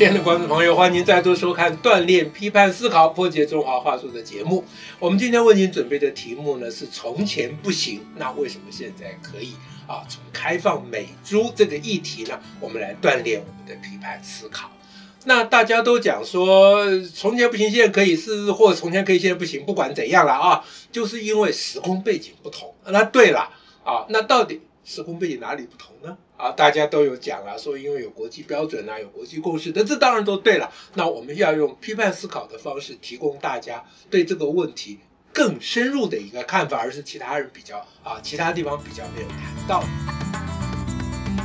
親愛的觀眾朋友，歡迎再度收看鍛鍊批判思考、破解中華話術的節目。我們今天為您準備的題目呢，是從前不行，那為什麼現在可以啊？從開放美豬這個議題呢，我們來鍛鍊我們的批判思考。那大家都講說從前不行，現在可以，試試，或者從前可以，現在不行，不管怎樣了啊，啊，就是因為時空背景不同。那對了啊，那到底，時空背景哪裡不同呢？啊，大家都有講啊，說因為有國際標準啊，有國際共識的，這當然都對了。那我們要用批判思考的方式，提供大家對這個問題更深入的一個看法，而是其他人比較啊，其他地方比較沒有談到。嗯。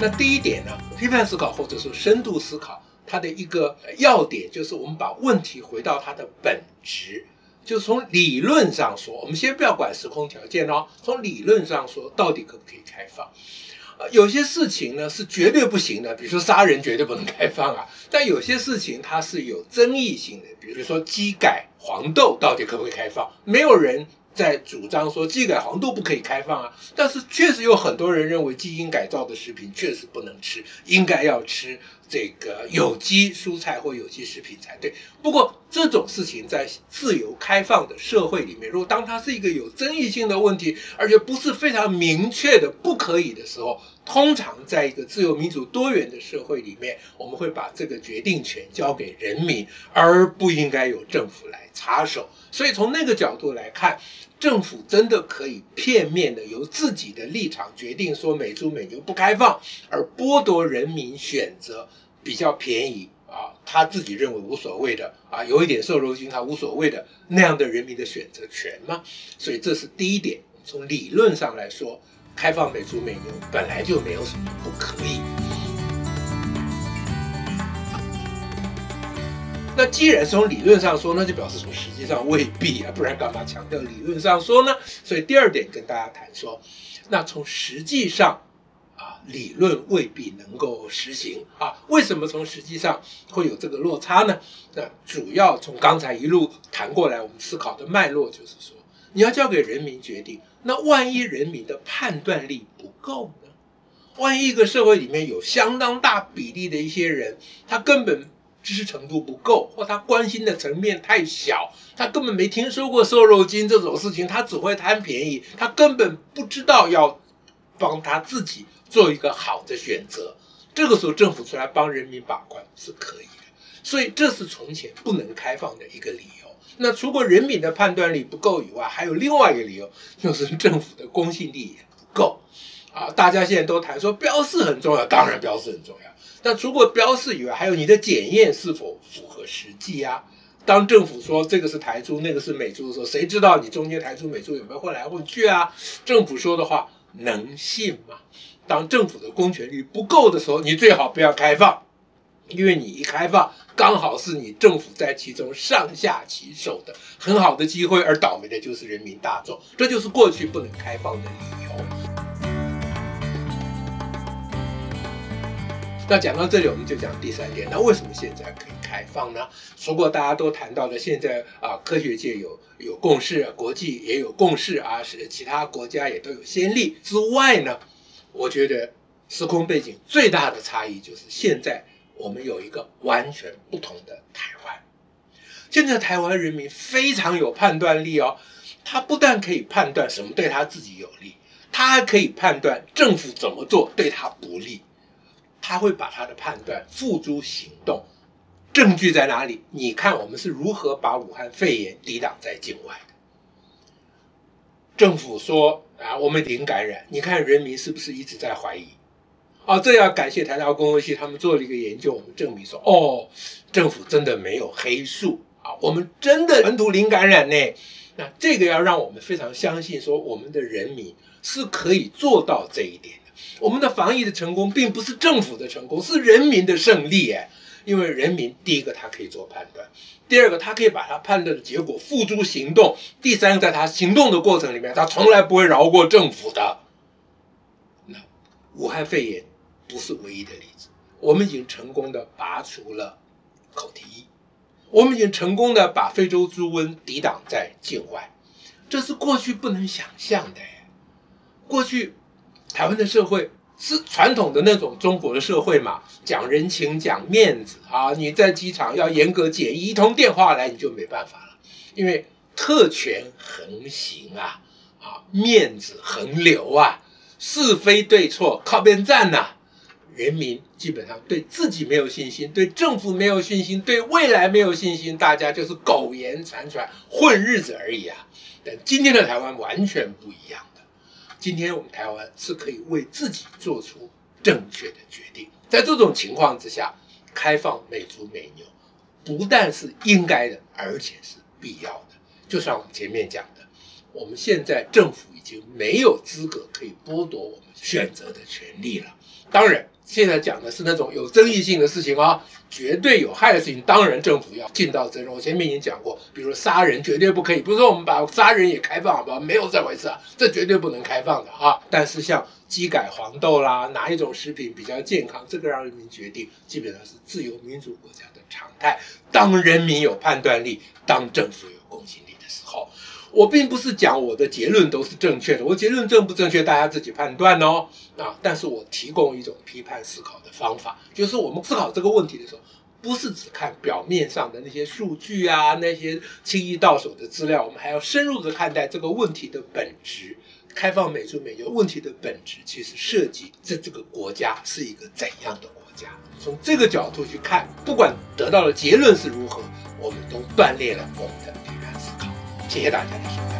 那第一點呢，批判思考或者說深度思考，它的一個要點就是我們把問題回到它的本質。就從理論上說，我們先不要管時空條件哦，從理論上說，到底可不可以開放？呃，有些事情呢是絕對不行的，比如說殺人絕對不能開放啊。但有些事情它是有爭議性的，比如說基改黃豆到底可不可以開放？沒有人。在主張說，基改黃豆都不可以開放啊。但是確實有很多人認為，基因改造的食品確實不能吃，應該要吃這個有機蔬菜或有機食品才對。不過這種事情在自由開放的社會裡面，如果當它是一個有爭議性的問題，而且不是非常明確的不可以的時候，通常在一個自由民主多元的社會裡面，我們會把這個決定權交給人民，而不應該由政府來插手。所以從那個角度來看。政府真的可以片面的由自己的立場決定說，美豬美牛不開放，而剝奪人民選擇比較便宜啊，他自己認為無所謂的啊，有一點瘦肉精他無所謂的那樣的人民的選擇權嗎？所以這是第一點，從理論上來說，開放美豬美牛本來就沒有什麼不可以。那既然從理論上說，那就表示從實際上未必啊，不然幹嘛強調理論上說呢？所以第二點跟大家談說，那從實際上啊，理論未必能夠實行啊。為什麼從實際上會有這個落差呢？那主要從剛才一路談過來，我們思考的脈絡就是說，你要交給人民決定，那萬一人民的判斷力不夠呢？萬一一個社會裡面有相當大比例的一些人，他根本。知識程度不夠，或他關心的層面太小，他根本沒聽說過瘦肉精這種事情，他只會貪便宜，他根本不知道要幫他自己做一個好的選擇。這個時候政府出來幫人民把關是可以的，所以這是從前不能開放的一個理由。那除過人民的判斷力不夠以外，還有另外一個理由，就是政府的公信力也不夠。啊，大家現在都談說標示很重要，當然標示很重要。那除過標示以外，還有你的檢驗是否符合實際呀、啊？當政府說這個是台豬，那個是美豬的時候，誰知道你中間台豬美豬有沒有混來混去啊？政府說的話能信嗎？當政府的公權力不夠的時候，你最好不要開放，因為你一開放，剛好是你政府在其中上下其手的很好的機會，而倒霉的就是人民大眾。這就是過去不能開放的理由。那講到這裡，我們就講第三點。那為什麼現在可以開放呢？除了大家都談到了現在啊，科學界有有共識，國際也有共識啊，是其他國家也都有先例之外呢，我覺得時空背景最大的差異就是現在我們有一個完全不同的台灣。現在台灣人民非常有判斷力哦，他不但可以判斷什麼對他自己有利，他還可以判斷政府怎麼做對他不利。他會把他的判斷付諸行動，證據在哪裡？你看我們是如何把武漢肺炎抵擋在境外的。政府說啊，我們零感染，你看人民是不是一直在懷疑？哦，這要感謝台大公共衛生系他們做了一個研究，我們證明說哦，政府真的沒有黑數啊，我們真的本土零感染呢。那這個要讓我們非常相信，說我們的人民是可以做到這一點。我們的防疫的成功，並不是政府的成功，是人民的勝利哎。因為人民，第一個他可以做判斷，第二個他可以把他判斷的結果付諸行動，第三個在他行動的過程裡面，他從來不會饒過政府的。那武漢肺炎不是唯一的例子，我們已經成功的拔除了口蹄疫，我們已經成功的把非洲豬瘟抵擋在境外，這是過去不能想象的，過去。台灣的社會是傳統的那種中國的社會嘛，講人情、講面子啊。你在機場要嚴格檢疫，一通電話來你就沒辦法了，因為特權橫行啊，啊，面子橫流啊，是非對錯靠邊站吶、啊。人民基本上對自己沒有信心，對政府沒有信心，對未來沒有信心，大家就是苟延殘喘、混日子而已啊。但今天的台灣完全不一樣。今天我們台灣是可以為自己做出正確的決定，在這種情況之下，開放美豬美牛，不但是應該的，而且是必要的。就像我們前面講的，我們現在政府已經沒有資格可以剝奪我們選擇的權利了。當然。現在講的是那種有爭議性的事情啊，絕對有害的事情，當然政府要盡到責任。我前面已經講過，比如殺人絕對不可以，不是說我們把殺人也開放，好不好？沒有這回事啊，這絕對不能開放的啊。但是像基改黃豆啦，哪一種食品比較健康，這個讓人民決定，基本上是自由民主國家的常態。當人民有判斷力，當政府有公信力的時候。我並不是講我的結論都是正確的，我結論正不正確，大家自己判斷哦。啊，但是我提供一種批判思考的方法，就是我們思考這個問題的時候，不是只看表面上的那些數據啊，那些輕易到手的資料，我們還要深入的看待這個問題的本質。開放美豬美牛問題的本質，其實涉及這這個國家是一個怎樣的國家。從這個角度去看，不管得到的結論是如何，我們都鍛鍊了我們的。謝謝大家。